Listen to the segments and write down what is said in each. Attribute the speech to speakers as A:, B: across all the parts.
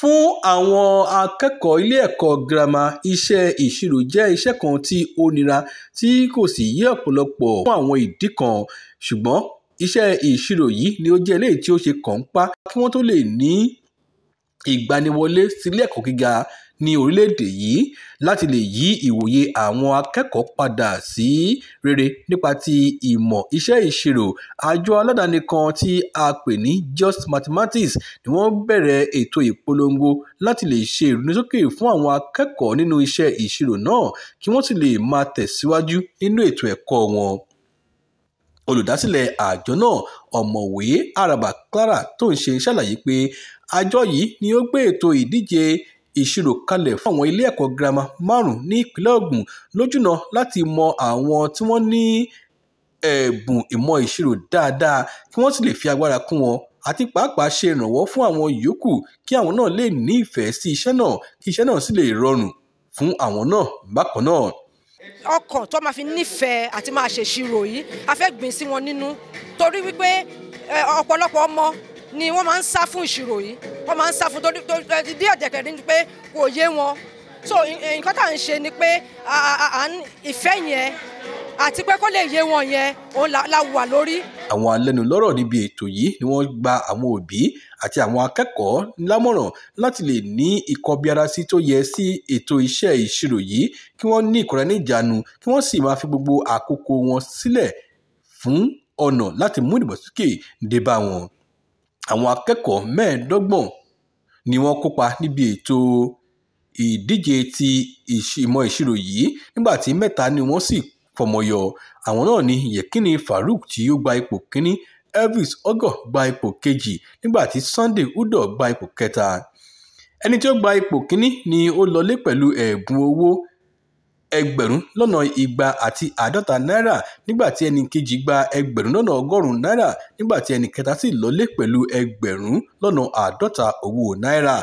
A: Fún àwọn akẹ́kọ̀ọ́ ilé-ẹ̀kọ́ girama, iṣẹ́ ìṣirò jẹ́ iṣẹ́ kan tí ó nira tí kò sì yé ọ̀pọ̀lọpọ̀ fún àwọn ìdí kan, ṣùgbọ́n iṣẹ́ ìṣirò yìí ni ó jẹ́ eléyìí tí ó ṣe kànńpá kí wọ́n tó lè ní ìgbaniwọlé sílé ẹ̀kọ́ gíga ní orílẹ̀-èdè yìí láti lè yí ìwòye àwọn akẹ́kọ̀ọ́ padà sí rere nípa ti ìmọ̀ iṣẹ́ ìṣirò àjọ aládàáni kan tí a pè ní Just Mathematics ni wọ́n bẹ̀rẹ̀ ètò ìpolongo láti lè ṣe ìrúnisókè fún àwọn akẹ́kọ̀ọ́ nínú iṣẹ́ ìṣirò náà kí wọ́n sì lè máa tẹ̀síwájú nínú ètò ẹ̀kọ́ wọn olùdásílẹ̀ àjọ náà ọ̀mọ̀wé Araba Clara tó ń ṣe ṣàlàyé pé àjọ yìí ni ó gbé ètò ìdíje ìṣirò kalẹ̀ fún àwọn ilé ẹ̀kọ́ girama márùn-ún ní ìpínlẹ̀ Ògùn lójúnà láti mọ àwọn tí wọ́n ní ẹ̀bùn ìmọ̀ ìṣirò dáadáa kí wọ́n sì lè fi agbára kún wọn àti pàápàá ṣe ìrànwọ́ fún àwọn yòókù kí àwọn náà lè ní ìfẹ́ sí iṣẹ́ náà kí iṣẹ́ náà sì lè rọrùn fún àwọn náà bákan náà
B: ọkàn tó máa fi nífẹ̀ẹ́ àti máa ṣèṣirò yìí a fẹ́ gbìn sí wọn nínú torí wípé ọ̀pọ̀lọpọ̀ ọmọ ni wọ́n máa ń sá fún ìṣirò yìí wọ́n máa ń sá fún díẹ̀ dẹ̀kẹ̀ ní pé kò yé wọn so nǹkan tá à ń ṣe ni pé ìfẹ́ yẹn àti pé kó lè yé wọn yẹn òun la wà lórí.
A: àwọn alẹ́nulọ́rọ̀ níbi ètò yìí ni wọ́n gba àwọn òbí àti àwọn akẹ́kọ̀ọ́ lámọ̀ràn láti lè ní ìkọbiarasí tó yẹ sí ètò iṣẹ́ ìṣirò yìí kí wọ́n ní ìkóraníjàánu kí wọ́n sì máa fi gbogbo àkókò wọn sílẹ̀ fún ọ̀nà láti mú ìdàgbàsókè dé bá wọn àwọn akẹ́kọ̀ọ́ mẹ́ẹ̀ẹ́dọ́gbọ̀n ni wọ́n kópa níbi ètò ìdíje ti ìmọ̀ ìṣirò yìí nígbà tí mẹ́ta ni wọ́n sì fọmọyọ àwọn náà ni yekini farouk tí ó gba ipò kíní elvis ogo gba ipò kejì nígbà tí sunday udoh gba ipò kẹta ẹni tí ó gba ipò kíní ni ó lọlé pẹ̀lú ẹ̀bùn owó ẹgbẹ̀rún lọ́nà igba àti àádọ́ta náírà nígbà tí ẹnì kejì gba ẹgbẹ̀rún lọ́nà ọgọ́rùn-ún náírà nígbà tí ẹnì kẹta sì lọlé pẹ̀lú ẹgbẹ̀rún lọ́nà àádọ́ta owó náírà.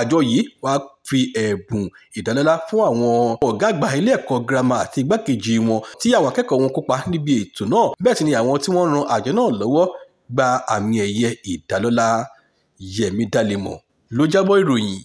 A: àjọ yìí wàá fi ẹ̀bùn ìdálọ́lá fún àwọn ọ̀gá àgbà ilé ẹ̀kọ́ girama àti igbákejì wọn tí àwọn akẹ́kọ̀ọ́ wọn kópa níbi ètò náà bẹ́ẹ̀ sì ni àwọn tí wọ́n ran àjọ náà lọ́wọ́ gba àmì ẹ̀yẹ ìdálọ́lá Yẹmi Dálẹ́mọ̀ ló jábọ̀ ìròyìn